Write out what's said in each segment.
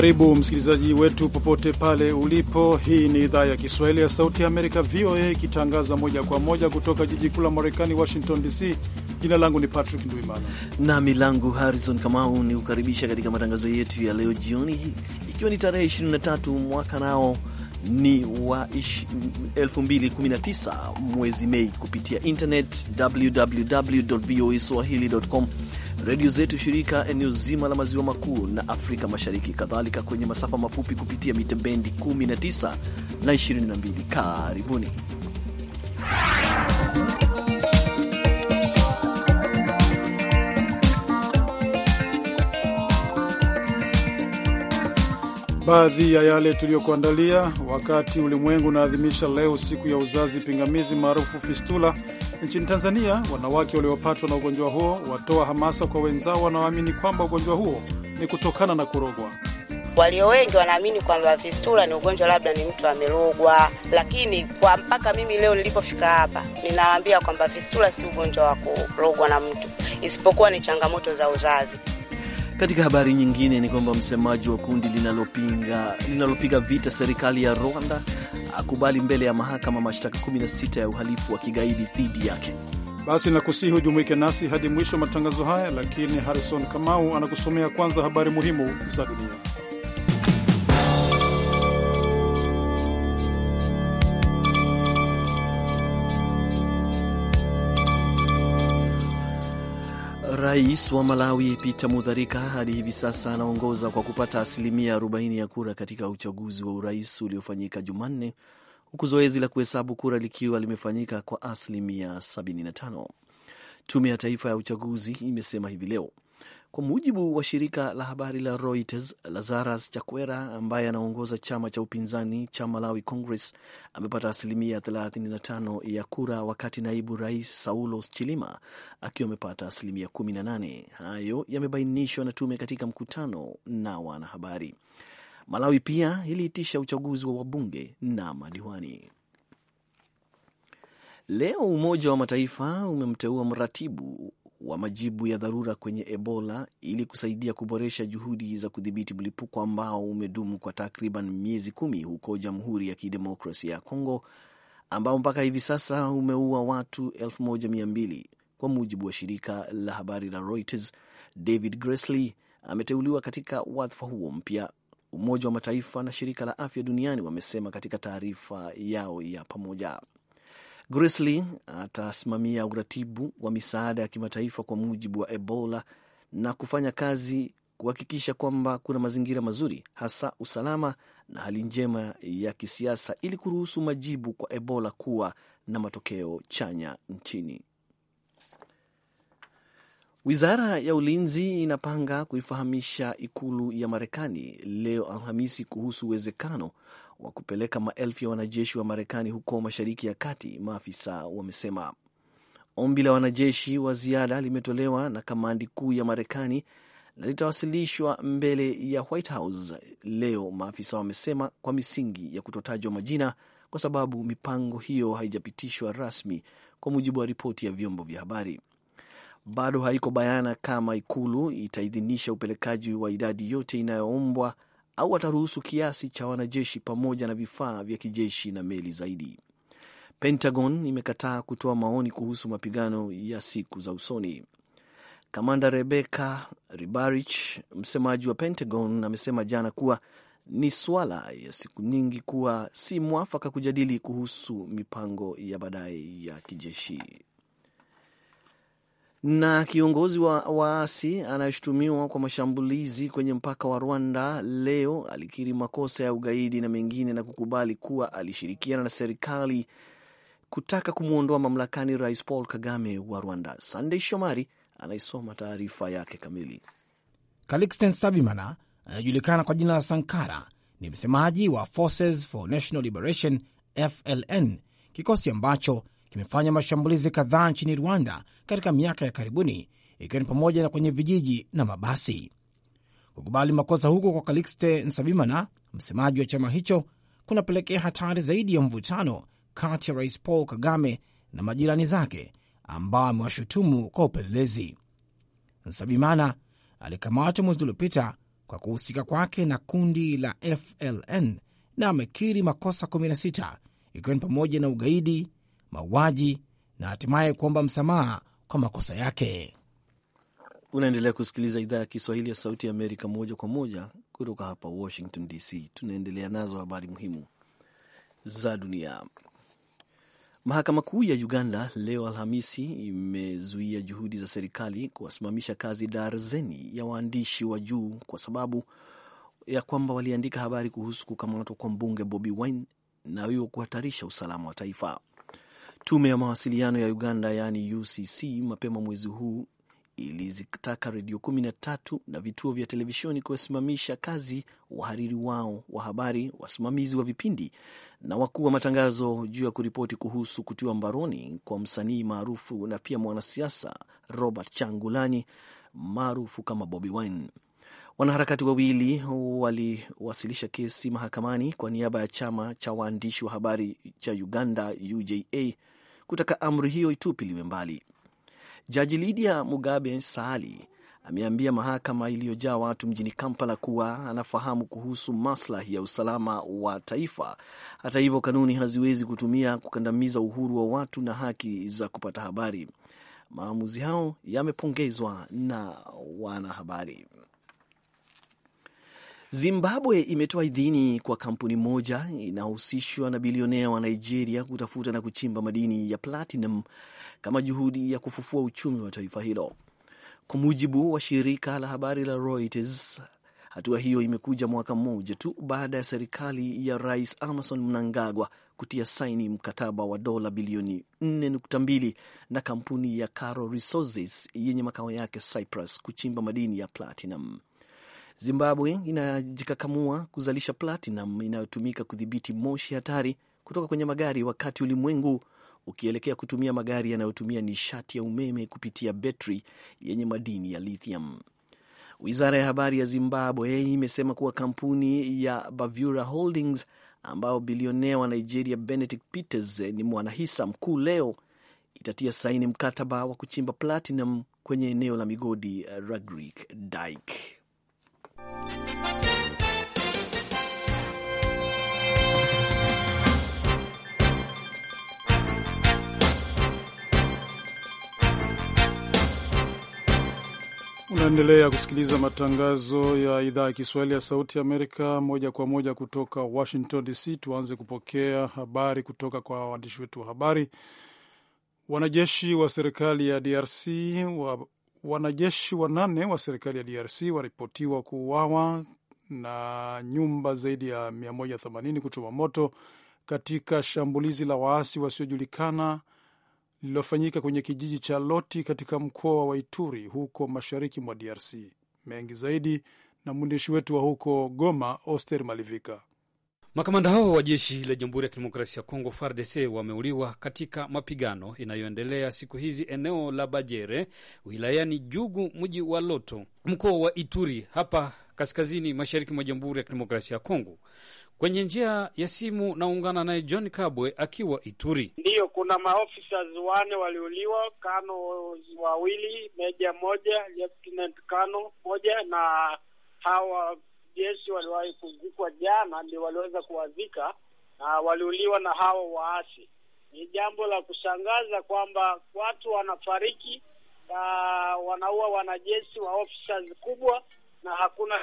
Karibu msikilizaji wetu popote pale ulipo. Hii ni idhaa ya Kiswahili ya Sauti ya Amerika, VOA, ikitangaza moja kwa moja kutoka jiji kuu la Marekani, Washington DC. Jina langu ni Patrick Ndwimana nami langu Harrison Kamau ni kukaribisha katika matangazo yetu ya leo jioni hii, ikiwa ni tarehe 23 mwaka nao ni wa 2019 mwezi Mei, kupitia internet www voa swahili.com redio zetu shirika eneo zima la maziwa makuu na Afrika Mashariki, kadhalika kwenye masafa mafupi kupitia mita bendi 19 na 22. Karibuni. Baadhi ya yale tuliyokuandalia: wakati ulimwengu unaadhimisha leo siku ya uzazi pingamizi maarufu fistula Nchini Tanzania, wanawake waliopatwa na ugonjwa huo watoa hamasa kwa wenzao wanaoamini kwamba ugonjwa huo ni kutokana na kurogwa. Walio wengi wanaamini kwamba fistula ni ugonjwa labda ni mtu amerogwa, lakini kwa mpaka mimi leo nilipofika hapa, ninawaambia kwamba fistula si ugonjwa wa kurogwa na mtu, isipokuwa ni changamoto za uzazi. Katika habari nyingine ni kwamba msemaji wa kundi linalopinga linalopiga vita serikali ya Rwanda akubali mbele ya mahakama mashtaka 16 ya uhalifu wa kigaidi dhidi yake. Basi nakusihi hujumuike nasi hadi mwisho matangazo haya, lakini Harrison Kamau anakusomea kwanza habari muhimu za dunia. Rais wa Malawi Peter Mutharika hadi hivi sasa anaongoza kwa kupata asilimia 40 ya kura katika uchaguzi wa urais uliofanyika Jumanne, huku zoezi la kuhesabu kura likiwa limefanyika kwa asilimia 75. Tume ya Taifa ya Uchaguzi imesema hivi leo kwa mujibu wa shirika la habari la Reuters, Lazarus Chakwera ambaye anaongoza chama cha upinzani cha Malawi Congress amepata asilimia 35 ya kura, wakati naibu rais Saulos Chilima akiwa amepata asilimia 18. Hayo yamebainishwa na tume katika mkutano na wanahabari. Malawi pia iliitisha uchaguzi wa wabunge na madiwani. Leo Umoja wa Mataifa umemteua mratibu wa majibu ya dharura kwenye Ebola ili kusaidia kuboresha juhudi za kudhibiti mlipuko ambao umedumu kwa takriban miezi kumi huko Jamhuri ya Kidemokrasia ya Kongo, ambao mpaka hivi sasa umeua watu 1200 kwa mujibu wa shirika la habari la Reuters. David Gressly ameteuliwa katika wadhifa huo mpya, Umoja wa Mataifa na Shirika la Afya Duniani wamesema katika taarifa yao ya pamoja. Grisly atasimamia uratibu wa misaada ya kimataifa kwa mujibu wa Ebola na kufanya kazi kuhakikisha kwamba kuna mazingira mazuri, hasa usalama na hali njema ya kisiasa, ili kuruhusu majibu kwa Ebola kuwa na matokeo chanya nchini. Wizara ya ulinzi inapanga kuifahamisha ikulu ya Marekani leo Alhamisi kuhusu uwezekano wa kupeleka maelfu ya wanajeshi wa Marekani huko Mashariki ya Kati, maafisa wamesema. Ombi la wanajeshi wa ziada limetolewa na kamandi kuu ya Marekani na litawasilishwa mbele ya White House leo, maafisa wamesema, kwa misingi ya kutotajwa majina, kwa sababu mipango hiyo haijapitishwa rasmi, kwa mujibu wa ripoti ya vyombo vya habari. Bado haiko bayana kama ikulu itaidhinisha upelekaji wa idadi yote inayoombwa au ataruhusu kiasi cha wanajeshi pamoja na vifaa vya kijeshi na meli zaidi. Pentagon imekataa kutoa maoni kuhusu mapigano ya siku za usoni. Kamanda Rebecca Ribarich, msemaji wa Pentagon, amesema jana kuwa ni swala ya siku nyingi kuwa si mwafaka kujadili kuhusu mipango ya baadaye ya kijeshi. Na kiongozi wa waasi anayeshutumiwa kwa mashambulizi kwenye mpaka wa Rwanda leo alikiri makosa ya ugaidi na mengine na kukubali kuwa alishirikiana na serikali kutaka kumwondoa mamlakani Rais Paul Kagame wa Rwanda. Sandei Shomari anaisoma taarifa yake kamili. Calixten Sabimana anayejulikana kwa jina la Sankara, ni msemaji wa Forces for National Liberation, FLN, kikosi ambacho kimefanya mashambulizi kadhaa nchini Rwanda katika miaka ya karibuni, ikiwa ni pamoja na kwenye vijiji na mabasi. Kukubali makosa huko kwa Kalixte Nsabimana, msemaji wa chama hicho, kunapelekea hatari zaidi ya mvutano kati ya Rais Paul Kagame na majirani zake ambao amewashutumu kwa upelelezi. Nsabimana alikamatwa mwezi uliopita kwa kuhusika kwake na kundi la FLN na amekiri makosa 16 ikiwa ni pamoja na ugaidi, mauaji na hatimaye kuomba msamaha kwa makosa yake. Unaendelea kusikiliza idhaa ya Kiswahili ya Sauti ya Amerika moja kwa moja kutoka hapa Washington DC. Tunaendelea nazo habari muhimu za dunia. Mahakama Kuu ya Uganda leo Alhamisi imezuia juhudi za serikali kuwasimamisha kazi darzeni ya waandishi wa juu kwa sababu ya kwamba waliandika habari kuhusu kukamatwa kwa mbunge Bobi Wine na wiwo kuhatarisha usalama wa taifa. Tume ya mawasiliano ya Uganda yaani UCC mapema mwezi huu ilizitaka redio 13 na vituo vya televisheni kuwasimamisha kazi wahariri wao wa habari, wasimamizi wa vipindi na wakuu wa matangazo juu ya kuripoti kuhusu kutiwa mbaroni kwa msanii maarufu na pia mwanasiasa Robert Changulani maarufu kama Bobi Wine. Wanaharakati wawili waliwasilisha kesi mahakamani kwa niaba ya chama cha waandishi wa habari cha Uganda UJA kutaka amri hiyo itupiliwe mbali. Jaji Lydia Mugabe Saali ameambia mahakama iliyojaa watu mjini Kampala kuwa anafahamu kuhusu maslahi ya usalama wa taifa. Hata hivyo, kanuni haziwezi kutumia kukandamiza uhuru wa watu na haki za kupata habari. Maamuzi hao yamepongezwa na wanahabari. Zimbabwe imetoa idhini kwa kampuni moja inayohusishwa na bilionea wa Nigeria kutafuta na kuchimba madini ya platinum kama juhudi ya kufufua uchumi wa taifa hilo. Kwa mujibu wa shirika la habari la Reuters, hatua hiyo imekuja mwaka mmoja tu baada ya serikali ya Rais Emmerson Mnangagwa kutia saini mkataba wa dola bilioni 4.2 na kampuni ya Karo Resources yenye makao yake Cyprus kuchimba madini ya platinum. Zimbabwe inajikakamua kuzalisha platinum inayotumika kudhibiti moshi hatari kutoka kwenye magari, wakati ulimwengu ukielekea kutumia magari yanayotumia nishati ya umeme kupitia betri yenye madini ya lithium. Wizara ya habari ya Zimbabwe imesema kuwa kampuni ya Bavura Holdings ambao bilionea wa Nigeria Benedict Peters ni mwanahisa mkuu, leo itatia saini mkataba wa kuchimba platinum kwenye eneo la migodi eh, Ragrik Dike. Unaendelea kusikiliza matangazo ya idhaa ya Kiswahili ya Sauti ya Amerika moja kwa moja kutoka Washington DC. Tuanze kupokea habari kutoka kwa waandishi wetu wa habari. Wanajeshi wa serikali ya DRC wa, wanajeshi wanane wa serikali ya DRC waripotiwa kuuawa na nyumba zaidi ya 180 kuchoma moto katika shambulizi la waasi wasiojulikana lililofanyika kwenye kijiji cha Loti katika mkoa wa Ituri huko mashariki mwa DRC. Mengi zaidi na mwandishi wetu wa huko Goma, Oster Malivika. Makamanda hao wa jeshi la Jamhuri ya Kidemokrasia ya Kongo, FARDC, wameuliwa katika mapigano inayoendelea siku hizi eneo la Bajere wilayani Jugu, mji wa Loto, mkoa wa Ituri, hapa kaskazini mashariki mwa Jamhuri ya Kidemokrasia ya Kongo. Kwenye njia ya simu naungana naye John Kabwe akiwa Ituri. Ndiyo, kuna maofisa wane waliuliwa, kano wawili, meja moja, lieutenant kano moja, na hawa jeshi waliwahi kuzikwa jana, ndio waliweza kuwazika na waliuliwa na hawa waasi. Ni jambo la kushangaza kwamba watu wanafariki na wanaua wanajeshi wa officers kubwa na hakuna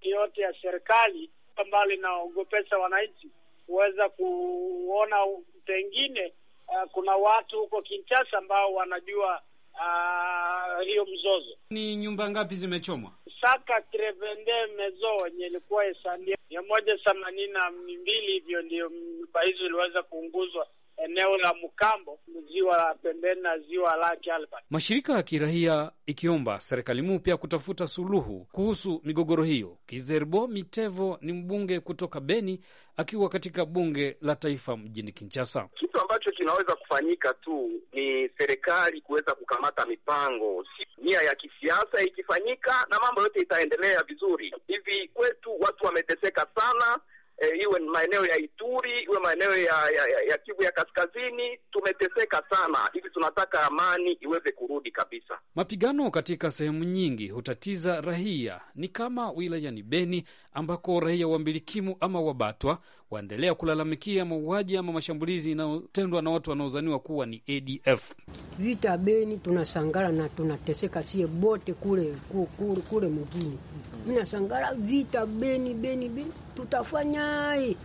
yote ya serikali ambalo linaogopesha wananchi kuweza kuona pengine uh, kuna watu huko Kinshasa ambao wanajua uh, hiyo mzozo. Ni nyumba ngapi zimechomwa? Saka trevende mezo yenye ilikuwa esandia mia moja themanini na mbili hivyo ndio nyumba mm, hizo iliweza kuunguzwa eneo la Mkambo, ziwa la pembeni na ziwa lake Albert. Mashirika ya kirahia ikiomba serikali mpya kutafuta suluhu kuhusu migogoro hiyo. Kizerbo Mitevo ni mbunge kutoka Beni akiwa katika bunge la taifa mjini Kinshasa. Kitu ambacho kinaweza kufanyika tu ni serikali kuweza kukamata mipango, nia ya kisiasa ikifanyika na mambo yote itaendelea vizuri. Hivi kwetu watu wameteseka sana e, iwe maeneo ya Ituri, iwe maeneo ya, ya, ya, ya Kivu ya Kaskazini. Tumeteseka sana, hivi tunataka amani iweze kurudi kabisa. Mapigano katika sehemu nyingi hutatiza raia, ni kama wilayani Beni ambako raia wa mbilikimu ama wabatwa waendelea kulalamikia mauaji ama mashambulizi inayotendwa na watu wanaozaniwa kuwa ni ADF. Vita Beni tunashangala na tunateseka sie bote kule, kule, kule mjini vinasangara vita Beni, Beni, Beni, tutafanyaye?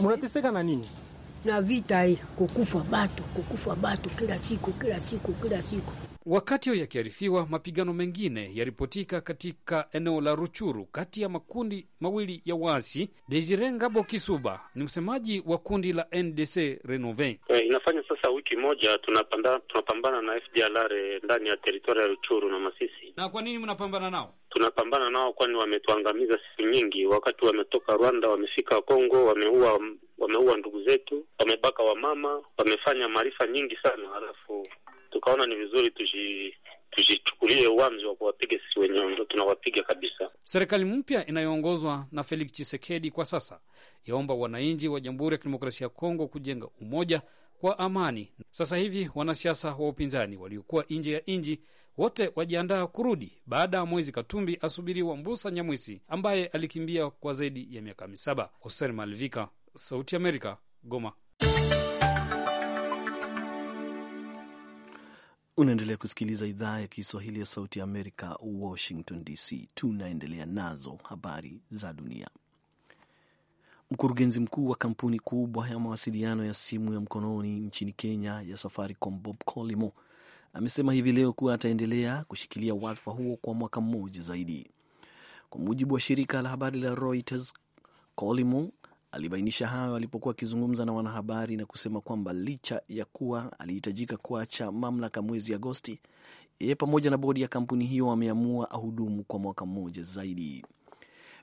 Munateseka na nini? na vita hii, kukufa bato kukufa bato kila siku, kila siku, kila siku Wakati hayo yakiarifiwa mapigano mengine yaripotika katika eneo la Ruchuru kati ya makundi mawili ya waasi. Desire Ngabo Kisuba ni msemaji wa kundi la NDC Renove. E, inafanya sasa wiki moja tunapanda, tunapambana na FDLR ndani ya teritoria ya Ruchuru na Masisi. Na kwa nini mnapambana nao? Tunapambana nao kwani wametuangamiza siku nyingi. Wakati wametoka Rwanda, wamefika Kongo, wameua wameua ndugu zetu, wamebaka wamama, wamefanya maarifa nyingi sana, halafu tukaona ni vizuri tuji tujichukulie uamzi wa kuwapiga sisi wenyewe, ndo tunawapiga kabisa. Serikali mpya inayoongozwa na Felix chisekedi kwa sasa yaomba wananchi wa Jamhuri ya Kidemokrasia ya Kongo kujenga umoja kwa amani. Sasa hivi wanasiasa wa upinzani waliokuwa nje ya nchi wote wajiandaa kurudi baada ya mwezi Katumbi asubiriwa Mbusa Nyamwisi ambaye alikimbia kwa zaidi ya miaka misaba. Hosen Malvika, Sauti Amerika, Goma. Unaendelea kusikiliza idhaa ya Kiswahili ya Sauti ya Amerika, Washington DC. Tunaendelea nazo habari za dunia. Mkurugenzi mkuu wa kampuni kubwa ya mawasiliano ya simu ya mkononi nchini Kenya ya Safaricom, Bob Colimo, amesema hivi leo kuwa ataendelea kushikilia wadhifa huo kwa mwaka mmoja zaidi, kwa mujibu wa shirika la habari la Reuters. Colimo Alibainisha hayo alipokuwa akizungumza na wanahabari na kusema kwamba licha ya kuwa alihitajika kuacha mamlaka mwezi Agosti, yeye pamoja na bodi ya kampuni hiyo wameamua ahudumu kwa mwaka mmoja zaidi.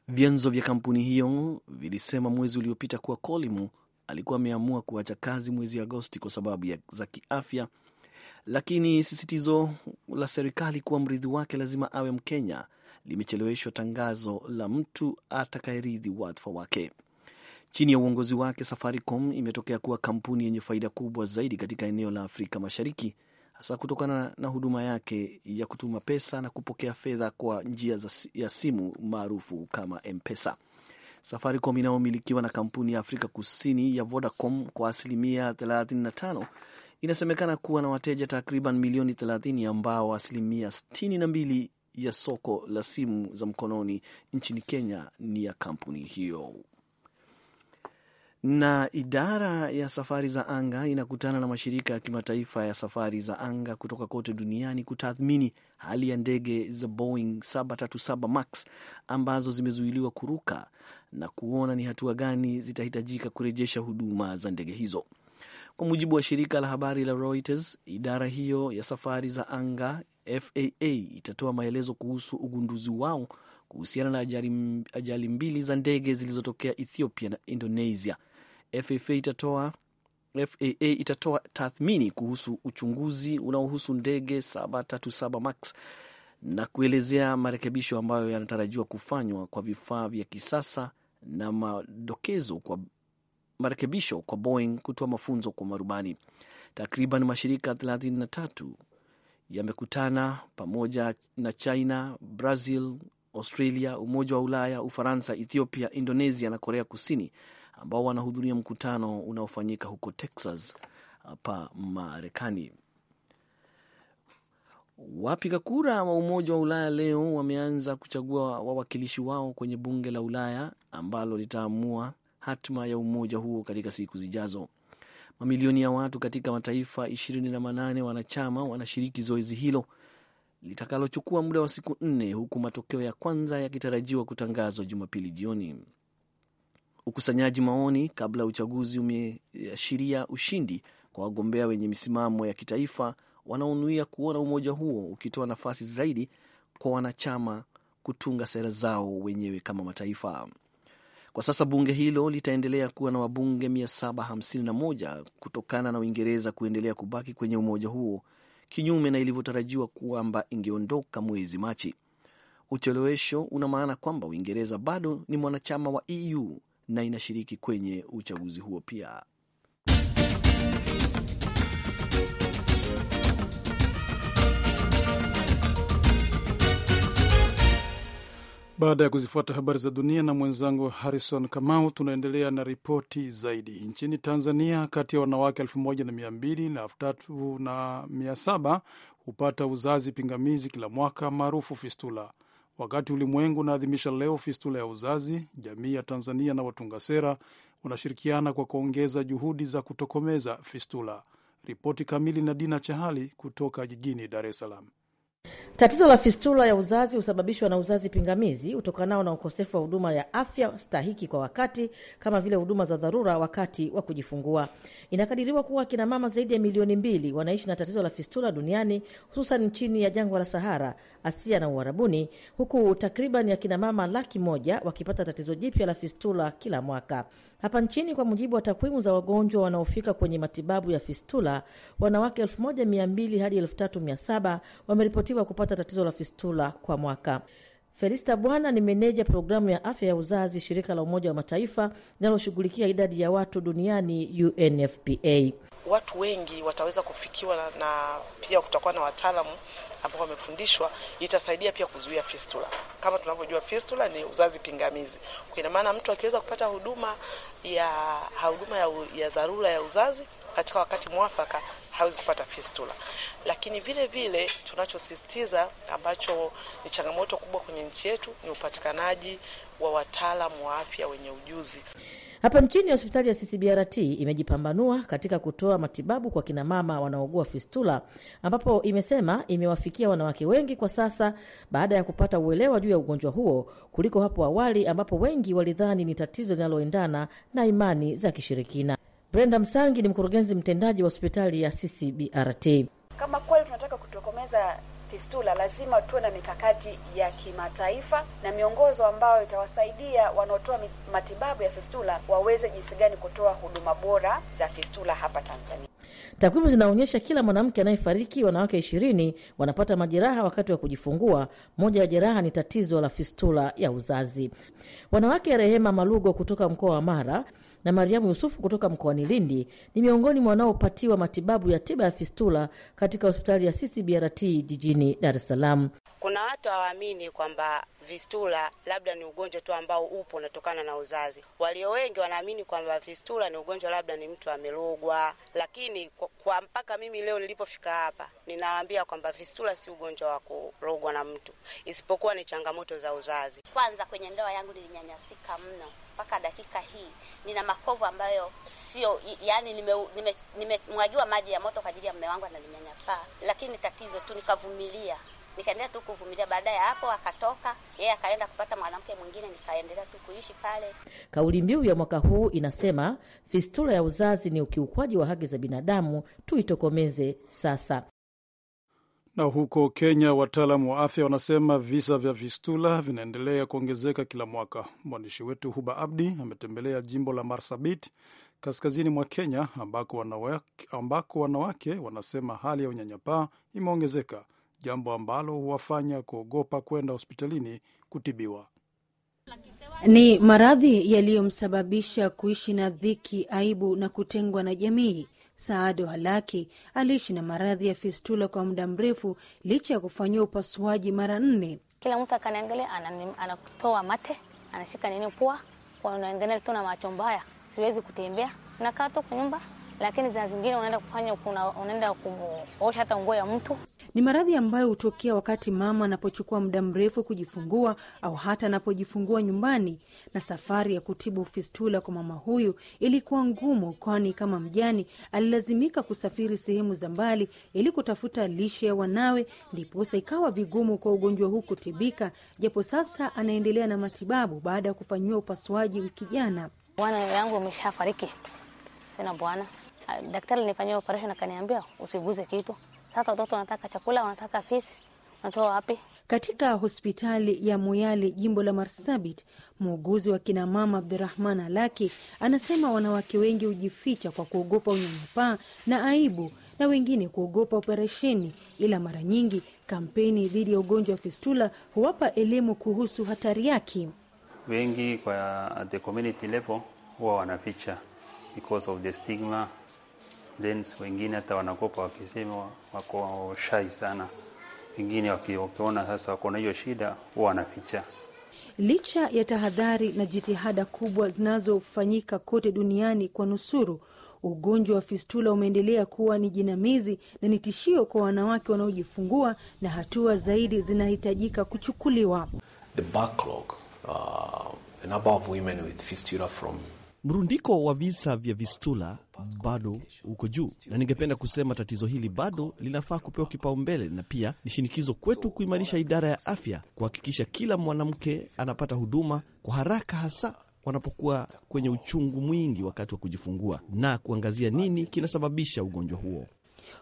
Vyanzo vya kampuni hiyo vilisema mwezi uliopita kuwa Kolimu alikuwa ameamua kuacha kazi mwezi Agosti kwa sababu za kiafya, lakini sisitizo la serikali kuwa mrithi wake lazima awe Mkenya limecheleweshwa tangazo la mtu atakayerithi wadhifa wake. Chini ya uongozi wake, Safaricom imetokea kuwa kampuni yenye faida kubwa zaidi katika eneo la Afrika Mashariki, hasa kutokana na huduma yake ya kutuma pesa na kupokea fedha kwa njia ya simu maarufu kama M-Pesa. Safaricom inayomilikiwa na kampuni ya Afrika Kusini ya Vodacom kwa asilimia 35 inasemekana kuwa na wateja takriban milioni 30 ambao asilimia 62 ya soko la simu za mkononi nchini Kenya ni ya kampuni hiyo na idara ya safari za anga inakutana na mashirika ya kimataifa ya safari za anga kutoka kote duniani kutathmini hali ya ndege za Boeing 737 Max ambazo zimezuiliwa kuruka na kuona ni hatua gani zitahitajika kurejesha huduma za ndege hizo. Kwa mujibu wa shirika la habari la Reuters, idara hiyo ya safari za anga FAA itatoa maelezo kuhusu ugunduzi wao kuhusiana na ajali, ajali mbili za ndege zilizotokea Ethiopia na Indonesia FAA itatoa FAA itatoa tathmini kuhusu uchunguzi unaohusu ndege 737 Max na kuelezea marekebisho ambayo yanatarajiwa kufanywa kwa vifaa vya kisasa na madokezo kwa marekebisho kwa Boeing kutoa mafunzo kwa marubani. Takriban mashirika 33 yamekutana pamoja na China, Brazil, Australia, Umoja wa Ulaya, Ufaransa, Ethiopia, Indonesia na Korea Kusini ambao wanahudhuria mkutano unaofanyika huko Texas hapa Marekani. Wapiga kura wa Umoja wa Ulaya leo wameanza kuchagua wawakilishi wao kwenye bunge la Ulaya ambalo litaamua hatima ya umoja huo katika siku zijazo. Mamilioni ya watu katika mataifa ishirini na manane wanachama wanashiriki zoezi hilo litakalochukua muda wa siku nne, huku matokeo ya kwanza yakitarajiwa kutangazwa Jumapili jioni. Ukusanyaji maoni kabla ya uchaguzi umeashiria ushindi kwa wagombea wenye misimamo ya kitaifa wanaonuia kuona umoja huo ukitoa nafasi zaidi kwa wanachama kutunga sera zao wenyewe kama mataifa. Kwa sasa bunge hilo litaendelea kuwa na wabunge 751 kutokana na Uingereza kuendelea kubaki kwenye umoja huo, kinyume na ilivyotarajiwa kwamba ingeondoka mwezi Machi. Uchelewesho una maana kwamba Uingereza bado ni mwanachama wa EU na inashiriki kwenye uchaguzi huo pia. Baada ya kuzifuata habari za dunia na mwenzangu Harrison Kamau, tunaendelea na ripoti zaidi. Nchini Tanzania, kati ya wanawake 1200 na 7 hupata uzazi pingamizi kila mwaka, maarufu fistula. Wakati ulimwengu unaadhimisha leo fistula ya uzazi, jamii ya Tanzania na watunga sera wanashirikiana kwa kuongeza juhudi za kutokomeza fistula. Ripoti kamili na Dina Chahali kutoka jijini Dar es Salaam. Tatizo la fistula ya uzazi husababishwa na uzazi pingamizi utokanao na ukosefu wa huduma ya afya stahiki kwa wakati, kama vile huduma za dharura wakati wa kujifungua. Inakadiriwa kuwa akina mama zaidi ya milioni mbili wanaishi na tatizo la fistula duniani, hususan chini ya jangwa la Sahara, Asia na Uharabuni, huku takriban akina mama laki moja wakipata tatizo jipya la fistula kila mwaka hapa nchini. Kwa mujibu wa takwimu za wagonjwa wanaofika kwenye matibabu ya fistula, wanawake 1200 hadi 3700 wameripotiwa kupata tatizo la fistula kwa mwaka. Felista Bwana ni meneja programu ya afya ya uzazi, shirika la Umoja wa Mataifa linaloshughulikia idadi ya watu duniani, UNFPA. Watu wengi wataweza kufikiwa na, na pia kutakuwa na wataalamu ambao wamefundishwa, itasaidia pia kuzuia fistula. Kama tunavyojua fistula ni uzazi pingamizi, kwa ina maana mtu akiweza kupata huduma ya huduma ya, ya dharura ya uzazi katika wakati mwafaka hawezi kupata fistula. Lakini vile vile tunachosisitiza ambacho ni changamoto kubwa kwenye nchi yetu ni upatikanaji wa wataalamu wa afya wenye ujuzi. Hapa nchini hospitali ya CCBRT imejipambanua katika kutoa matibabu kwa kinamama wanaougua fistula, ambapo imesema imewafikia wanawake wengi kwa sasa baada ya kupata uelewa juu ya ugonjwa huo kuliko hapo awali, ambapo wengi walidhani ni tatizo linaloendana na imani za kishirikina. Brenda Msangi ni mkurugenzi mtendaji wa hospitali ya CCBRT. Kama kweli tunataka kutokomeza fistula, lazima tuwe na mikakati ya kimataifa na miongozo ambayo itawasaidia wanaotoa matibabu ya fistula waweze jinsi gani kutoa huduma bora za fistula hapa Tanzania. Takwimu zinaonyesha kila mwanamke anayefariki, wanawake ishirini wanapata majeraha wakati wa kujifungua. Moja ya jeraha ni tatizo la fistula ya uzazi. Wanawake Rehema Malugo kutoka mkoa wa Mara na Mariamu Yusufu kutoka mkoani Lindi ni miongoni mwa wanaopatiwa matibabu ya tiba ya fistula katika hospitali ya CCBRT jijini Dar es Salaam. Kuna watu hawaamini kwamba vistula labda ni ugonjwa tu ambao upo unatokana na uzazi. Walio wengi wanaamini kwamba vistula ni ugonjwa labda ni mtu amelogwa, lakini kwa, kwa mpaka mimi leo nilipofika hapa ninawaambia kwamba vistula si ugonjwa wa kurogwa na mtu, isipokuwa ni changamoto za uzazi. Kwanza kwenye ndoa yangu nilinyanyasika mno mpaka dakika hii nina makovu ambayo sio yani, nimemwagiwa nime, nime maji ya moto kwa ajili ya mume wangu ananinyanyapaa, lakini tatizo tu nikavumilia nikaendelea tu kuvumilia. Baada ya hapo akatoka yeye, akaenda kupata mwanamke mwingine, nikaendelea tu kuishi pale. Kauli mbiu ya mwaka huu inasema fistula ya uzazi ni ukiukwaji wa haki za binadamu, tuitokomeze sasa. Na huko Kenya, wataalamu wa afya wanasema visa vya fistula vinaendelea kuongezeka kila mwaka. Mwandishi wetu Huba Abdi ametembelea jimbo la Marsabit kaskazini mwa Kenya ambako wanawake, ambako wanawake wanasema hali ya unyanyapaa imeongezeka jambo ambalo huwafanya kuogopa kwenda hospitalini kutibiwa. Ni maradhi yaliyomsababisha kuishi na dhiki, aibu na kutengwa na jamii. Saado Halaki aliishi na maradhi ya fistula kwa muda mrefu licha ya kufanyiwa upasuaji mara nne. Kila mtu akaniangalia, anatoa mate, anashika nini pua, unaangalia tu na macho mbaya, siwezi kutembea, nakaa tu kwa nyumba, lakini zaa zingine unaenda kufanya, unaenda kuosha hata nguo ya mtu. Ni maradhi ambayo hutokea wakati mama anapochukua muda mrefu kujifungua au hata anapojifungua nyumbani, na safari ya kutibu fistula kwa mama huyu ilikuwa ngumu, kwani kama mjani alilazimika kusafiri sehemu za mbali ili kutafuta lishe ya wanawe, ndiposa ikawa vigumu kwa ugonjwa huu kutibika, japo sasa anaendelea na matibabu baada ya kufanyiwa upasuaji wiki jana. Bwana yangu ameshafariki, sina bwana. Daktari alinifanyia operesheni akaniambia usiguze kitu sasa watoto wanataka chakula, wanataka fisi, wanatoa wapi? Katika hospitali ya Moyale, jimbo la Marsabit, muuguzi wa kinamama Abdurahman Alaki anasema wanawake wengi hujificha kwa kuogopa unyanyapaa na aibu, na wengine kuogopa operesheni, ila mara nyingi kampeni dhidi ya ugonjwa wa fistula huwapa elimu kuhusu hatari yake. Wengi kwa the community level huwa wanaficha because of the stigma then wengine hata wanakopa wakisema wako shai sana, wengine wakiona sasa wako na hiyo shida huwa wanaficha. Licha ya tahadhari na jitihada kubwa zinazofanyika kote duniani kwa nusuru ugonjwa wa fistula umeendelea kuwa ni jinamizi na ni tishio kwa wanawake wanaojifungua, na hatua zaidi zinahitajika kuchukuliwa. The backlog, uh, the number of women with fistula from Mrundiko wa visa vya vistula bado uko juu, na ningependa kusema tatizo hili bado linafaa kupewa kipaumbele, na pia ni shinikizo kwetu kuimarisha idara ya afya kuhakikisha kila mwanamke anapata huduma kwa haraka, hasa wanapokuwa kwenye uchungu mwingi wakati wa kujifungua, na kuangazia nini kinasababisha ugonjwa huo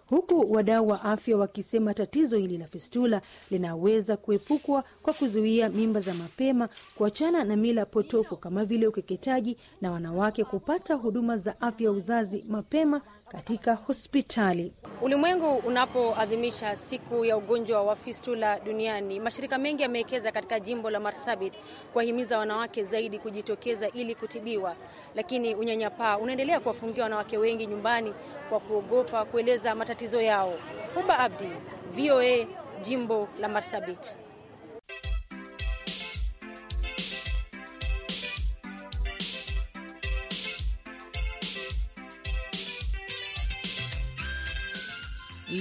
huku wadau wa afya wakisema tatizo hili la fistula linaweza kuepukwa kwa kuzuia mimba za mapema, kuachana na mila potofu kama vile ukeketaji na wanawake kupata huduma za afya uzazi mapema katika hospitali. Ulimwengu unapoadhimisha siku ya ugonjwa wa fistula duniani, mashirika mengi yamewekeza katika jimbo la Marsabit kuwahimiza wanawake zaidi kujitokeza ili kutibiwa, lakini unyanyapaa unaendelea kuwafungia wanawake wengi nyumbani kwa kuogopa kueleza matatizo yao. Huba Abdi, VOA, jimbo la Marsabit.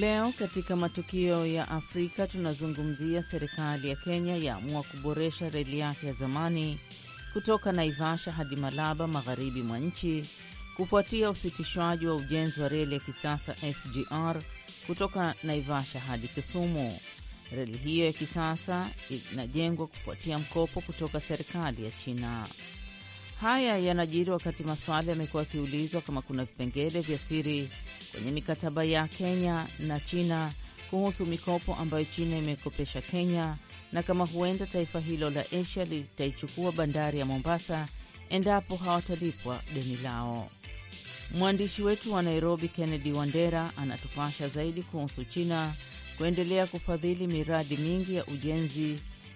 Leo katika matukio ya Afrika tunazungumzia serikali ya Kenya yaamua kuboresha reli yake ya zamani kutoka Naivasha hadi Malaba magharibi mwa nchi kufuatia usitishwaji wa ujenzi wa reli ya kisasa SGR kutoka Naivasha hadi Kisumu. Reli hiyo ya kisasa inajengwa kufuatia mkopo kutoka serikali ya China. Haya yanajiri wakati maswali yamekuwa yakiulizwa kama kuna vipengele vya siri kwenye mikataba ya Kenya na China kuhusu mikopo ambayo China imekopesha Kenya na kama huenda taifa hilo la Asia litaichukua bandari ya Mombasa endapo hawatalipwa deni lao. Mwandishi wetu wa Nairobi, Kennedy Wandera, anatupasha zaidi kuhusu China kuendelea kufadhili miradi mingi ya ujenzi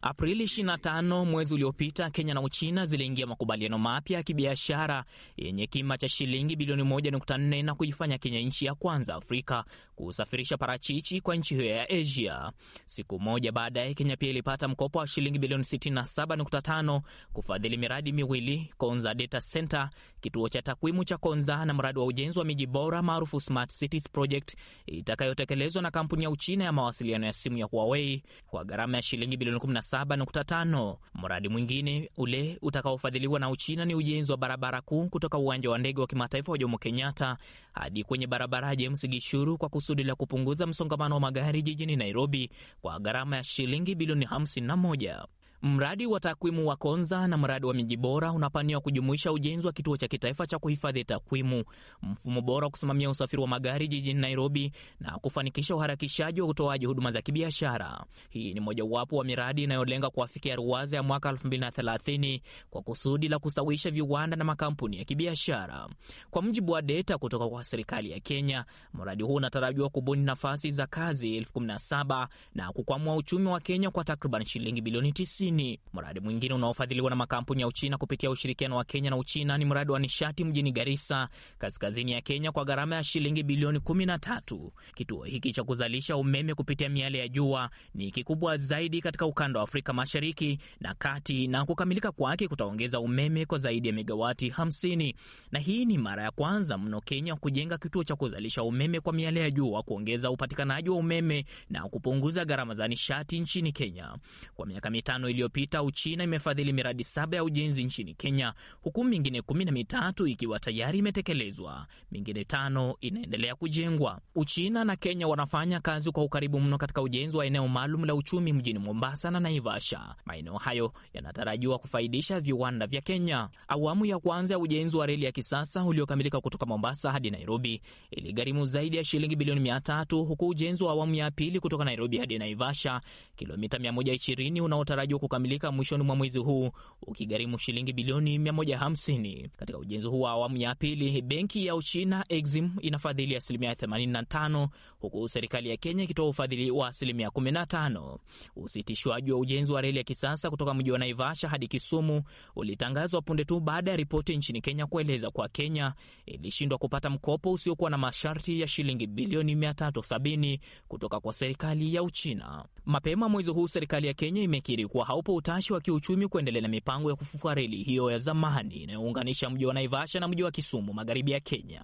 Aprili 25 mwezi uliopita, Kenya na Uchina ziliingia makubaliano mapya ya kibiashara yenye kima cha shilingi bilioni 1.4 na kuifanya Kenya nchi ya kwanza Afrika kusafirisha parachichi kwa nchi hiyo ya Asia. Siku moja baadaye, Kenya pia ilipata mkopo wa shilingi bilioni 67.5 kufadhili miradi miwili Konza Data Center kituo cha takwimu cha Konza na mradi wa ujenzi wa miji bora maarufu Smart Cities Project itakayotekelezwa na kampuni ya Uchina ya mawasiliano ya simu ya Huawei kwa gharama ya shilingi bilioni 17.5. Mradi mwingine ule utakaofadhiliwa na Uchina ni ujenzi wa barabara kuu kutoka uwanja wa ndege wa kimataifa wa Jomo Kenyatta hadi kwenye barabara ya James Gishuru kwa kusudi la kupunguza msongamano wa magari jijini Nairobi kwa gharama ya shilingi bilioni 51. Mradi wa takwimu wa Konza na mradi wa miji bora unapania kujumuisha ujenzi wa kituo cha kitaifa cha kuhifadhi takwimu, mfumo bora wa kusimamia usafiri wa magari jijini Nairobi na kufanikisha uharakishaji wa utoaji huduma za kibiashara. Hii ni mojawapo wa miradi inayolenga kuwafikia ruwaza ya mwaka 2030 kwa kusudi la kustawisha viwanda na makampuni ya kibiashara. Kwa mujibu wa data kutoka kwa serikali ya Kenya, mradi huu unatarajiwa kubuni nafasi za kazi 17 na kukwamua uchumi wa Kenya kwa takriban shilingi bilioni 90 nchini. Mradi mwingine unaofadhiliwa na makampuni ya Uchina kupitia ushirikiano wa Kenya na Uchina ni mradi wa nishati mjini Garissa, kaskazini ya Kenya, kwa gharama ya shilingi bilioni 13. Kituo hiki cha kuzalisha umeme kupitia miale ya jua ni kikubwa zaidi katika ukanda wa Afrika Mashariki na Kati, na kukamilika kwake kutaongeza umeme kwa zaidi ya megawati 50, na hii ni mara ya kwanza mno Kenya kujenga kituo cha kuzalisha umeme kwa miale ya jua, kuongeza upatikanaji wa umeme na kupunguza gharama za nishati nchini Kenya. Kwa miaka mitano iliyopita Uchina imefadhili miradi saba ya ujenzi nchini Kenya, huku mingine kumi na mitatu ikiwa tayari imetekelezwa, mingine tano inaendelea kujengwa. Uchina na Kenya wanafanya kazi kwa ukaribu mno katika ujenzi wa eneo maalum la uchumi mjini Mombasa na Naivasha. Maeneo hayo yanatarajiwa kufaidisha viwanda vya Kenya. Awamu ya kwanza ya ujenzi wa reli ya kisasa uliokamilika kutoka Mombasa hadi Nairobi iligharimu zaidi ya shilingi bilioni mia tatu huku ujenzi wa awamu ya pili kutoka Nairobi hadi Naivasha kilomita 120 unaotarajiwa kukamilika mwishoni mwa mwezi huu ukigharimu shilingi bilioni 150. Katika ujenzi huu wa awamu ya pili, benki ya Uchina Exim inafadhili asilimia 85 huku serikali ya Kenya ikitoa ufadhili wa asilimia 15. Usitishwaji wa ujenzi wa reli ya kisasa kutoka mji wa Naivasha hadi Kisumu ulitangazwa punde tu baada ya ripoti nchini Kenya kueleza kwa Kenya ilishindwa kupata mkopo usiokuwa na masharti ya shilingi bilioni 370 kutoka kwa serikali ya Uchina. Mapema mwezi huu serikali ya Kenya imekiri kuwa haupo utashi wa kiuchumi kuendelea na mipango ya kufufua reli hiyo ya zamani inayounganisha mji wa Naivasha na mji wa Kisumu magharibi ya Kenya.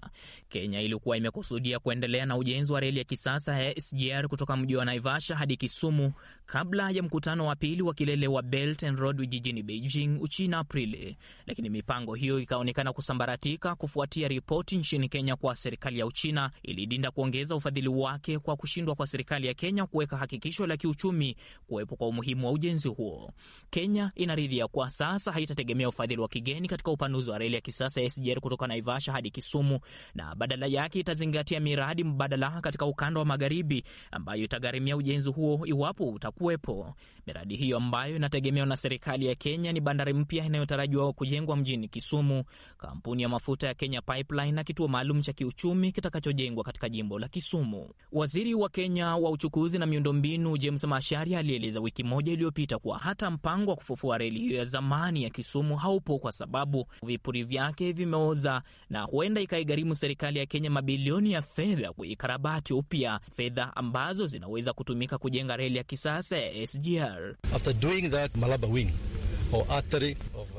Kenya ilikuwa imekusudia kuendelea na ujenzi wa reli ya kisasa ya SGR kutoka mji wa Naivasha hadi Kisumu kabla ya mkutano wa pili wa kilele wa Belt and Road jijini Beijing, Uchina, Aprili, lakini mipango hiyo ikaonekana kusambaratika kufuatia ripoti nchini Kenya kwa serikali ya Uchina ilidinda kuongeza ufadhili wake kwa kushindwa kwa serikali ya Kenya kuweka hakikisho la kiuchumi kuwepo kwa umuhimu wa ujenzi huo. Kenya inaridhia kwa sasa haitategemea ufadhili wa kigeni katika upanuzi wa reli ya kisasa ya SGR kutoka Naivasha hadi Kisumu na badala yake itazingatia miradi mbadala katika ukanda wa magharibi ambayo itagharimia ujenzi huo iwapo utakuwepo. Miradi hiyo ambayo inategemewa na serikali ya Kenya ni bandari mpya inayotarajiwa kujengwa mjini Kisumu, kampuni ya mafuta ya Kenya Pipeline na kituo maalum cha kiuchumi kitakachojengwa katika jimbo la Kisumu. Waziri wa Kenya wa uchukuzi na miundombinu James masharia alieleza wiki moja iliyopita kuwa hata mpango wa kufufua reli hiyo ya zamani ya Kisumu haupo kwa sababu vipuri vyake vimeoza na huenda ikaigharimu serikali ya Kenya mabilioni ya fedha kuikarabati upya, fedha ambazo zinaweza kutumika kujenga reli ya kisasa ya SGR. After doing that, Malaba wing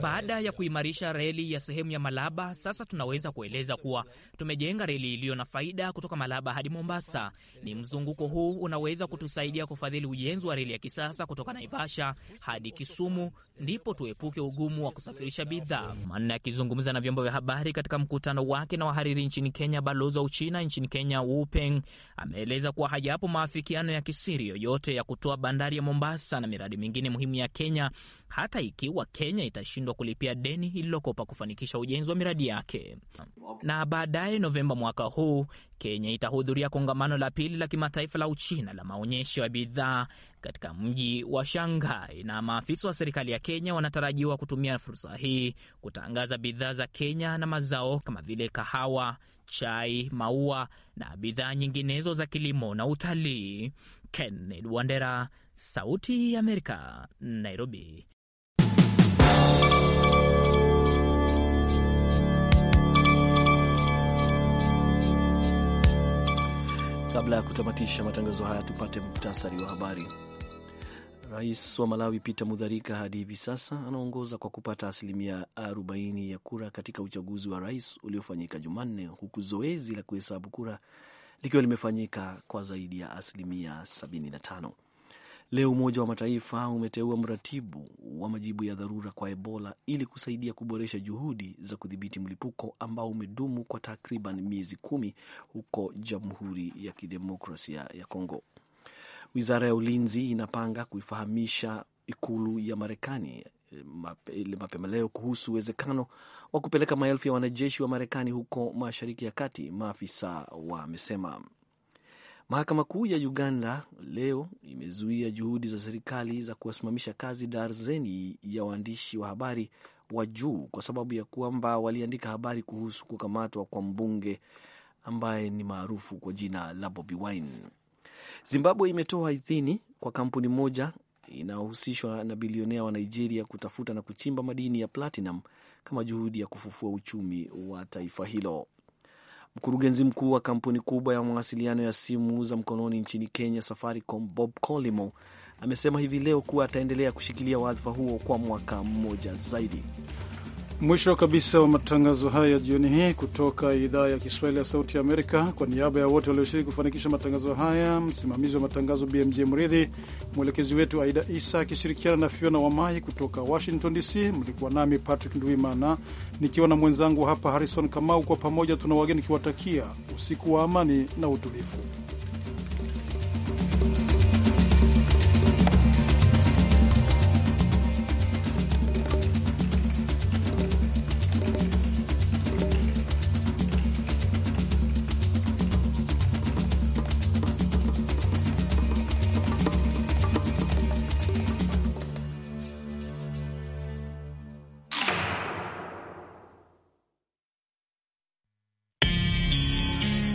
baada ya kuimarisha reli ya sehemu ya Malaba, sasa tunaweza kueleza kuwa tumejenga reli iliyo na faida kutoka Malaba hadi Mombasa. Ni mzunguko huu unaweza kutusaidia kufadhili ujenzi wa reli ya kisasa kutoka Naivasha hadi Kisumu, ndipo tuepuke ugumu wa kusafirisha bidhaa. Manne akizungumza na vyombo vya habari katika mkutano wake na wahariri nchini Kenya, balozi wa Uchina nchini Kenya Wu Peng ameeleza kuwa hajapo maafikiano ya kisiri yoyote ya kutoa bandari ya Mombasa na miradi mingine muhimu ya Kenya hata ikiwa Kenya itashindwa kulipia deni ililokopa kufanikisha ujenzi wa miradi yake. Na baadaye Novemba mwaka huu Kenya itahudhuria kongamano la pili la kimataifa la Uchina la maonyesho ya bidhaa katika mji wa Shanghai, na maafisa wa serikali ya Kenya wanatarajiwa kutumia fursa hii kutangaza bidhaa za Kenya na mazao kama vile kahawa, chai, maua na bidhaa nyinginezo za kilimo na utalii. Kenneth Wandera, Sauti ya Amerika, Nairobi. Kabla ya kutamatisha matangazo haya, tupate muktasari wa habari. Rais wa Malawi Peter Mutharika hadi hivi sasa anaongoza kwa kupata asilimia 40 ya kura katika uchaguzi wa rais uliofanyika Jumanne, huku zoezi la kuhesabu kura likiwa limefanyika kwa zaidi ya asilimia 75. Leo Umoja wa Mataifa umeteua mratibu wa majibu ya dharura kwa Ebola ili kusaidia kuboresha juhudi za kudhibiti mlipuko ambao umedumu kwa takriban miezi kumi huko Jamhuri ya Kidemokrasia ya Kongo. Wizara ya Ulinzi inapanga kuifahamisha Ikulu ya Marekani eh, mapema leo kuhusu uwezekano wa kupeleka maelfu ya wanajeshi wa Marekani huko Mashariki ya Kati, maafisa wamesema. Mahakama Kuu ya Uganda leo imezuia juhudi za serikali za kuwasimamisha kazi darzeni ya waandishi wa habari wa juu kwa sababu ya kwamba waliandika habari kuhusu kukamatwa kwa mbunge ambaye ni maarufu kwa jina la Bobi Wine. Zimbabwe imetoa idhini kwa kampuni moja inayohusishwa na bilionea wa Nigeria kutafuta na kuchimba madini ya platinum kama juhudi ya kufufua uchumi wa taifa hilo. Mkurugenzi mkuu wa kampuni kubwa ya mawasiliano ya simu za mkononi nchini Kenya, Safaricom, Bob colimo amesema hivi leo kuwa ataendelea kushikilia wadhifa huo kwa mwaka mmoja zaidi. Mwisho kabisa wa matangazo haya ya jioni hii kutoka idhaa ya Kiswahili ya Sauti ya Amerika. Kwa niaba ya wote walioshiriki kufanikisha matangazo haya, msimamizi wa matangazo BMJ Mridhi, mwelekezi wetu Aida Isa akishirikiana na Fiona Wamai kutoka Washington DC. Mlikuwa nami Patrick Ndwimana nikiwa na mwenzangu hapa Harrison Kamau. Kwa pamoja tuna wageni kiwatakia usiku wa amani na utulivu.